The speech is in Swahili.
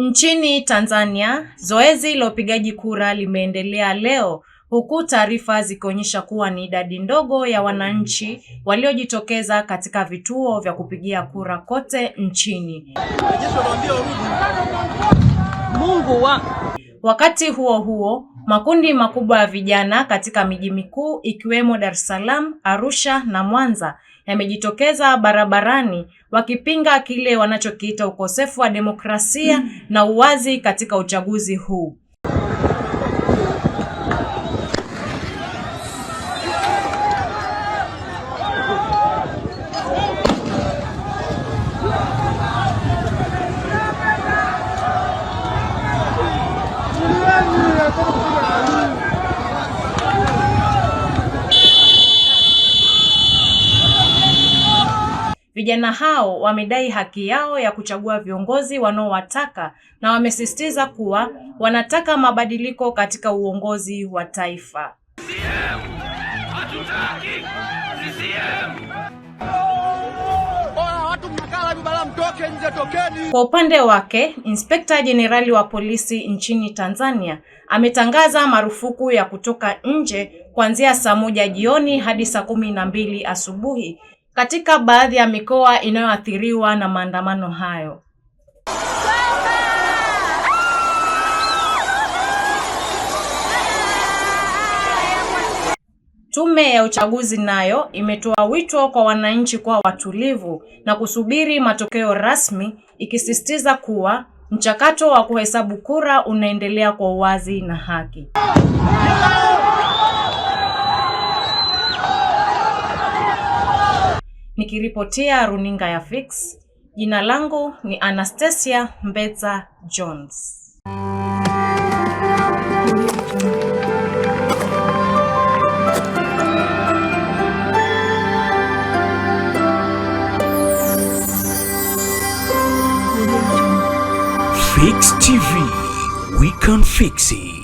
Nchini Tanzania, zoezi la upigaji kura limeendelea leo huku taarifa zikionyesha kuwa ni idadi ndogo ya wananchi waliojitokeza katika vituo vya kupigia kura kote nchini. Mungu wa Wakati huo huo, makundi makubwa ya vijana katika miji mikuu ikiwemo Dar es Salaam, Arusha na Mwanza yamejitokeza barabarani wakipinga kile wanachokiita ukosefu wa demokrasia na uwazi katika uchaguzi huu. Vijana hao wamedai haki yao ya kuchagua viongozi wanaowataka na wamesisitiza kuwa wanataka mabadiliko katika uongozi wa taifa. CCM hatutaki CCM. Kwa upande wake, Inspekta Jenerali wa polisi nchini Tanzania ametangaza marufuku ya kutoka nje kuanzia saa moja jioni hadi saa kumi na mbili asubuhi katika baadhi ya mikoa inayoathiriwa na maandamano hayo. Tume ya uchaguzi nayo imetoa wito kwa wananchi kuwa watulivu na kusubiri matokeo rasmi, ikisisitiza kuwa mchakato wa kuhesabu kura unaendelea kwa uwazi na haki. Nikiripotia runinga ya Fix, jina langu ni Anastasia Mbetsa Jones. Fix TV. We can fix it.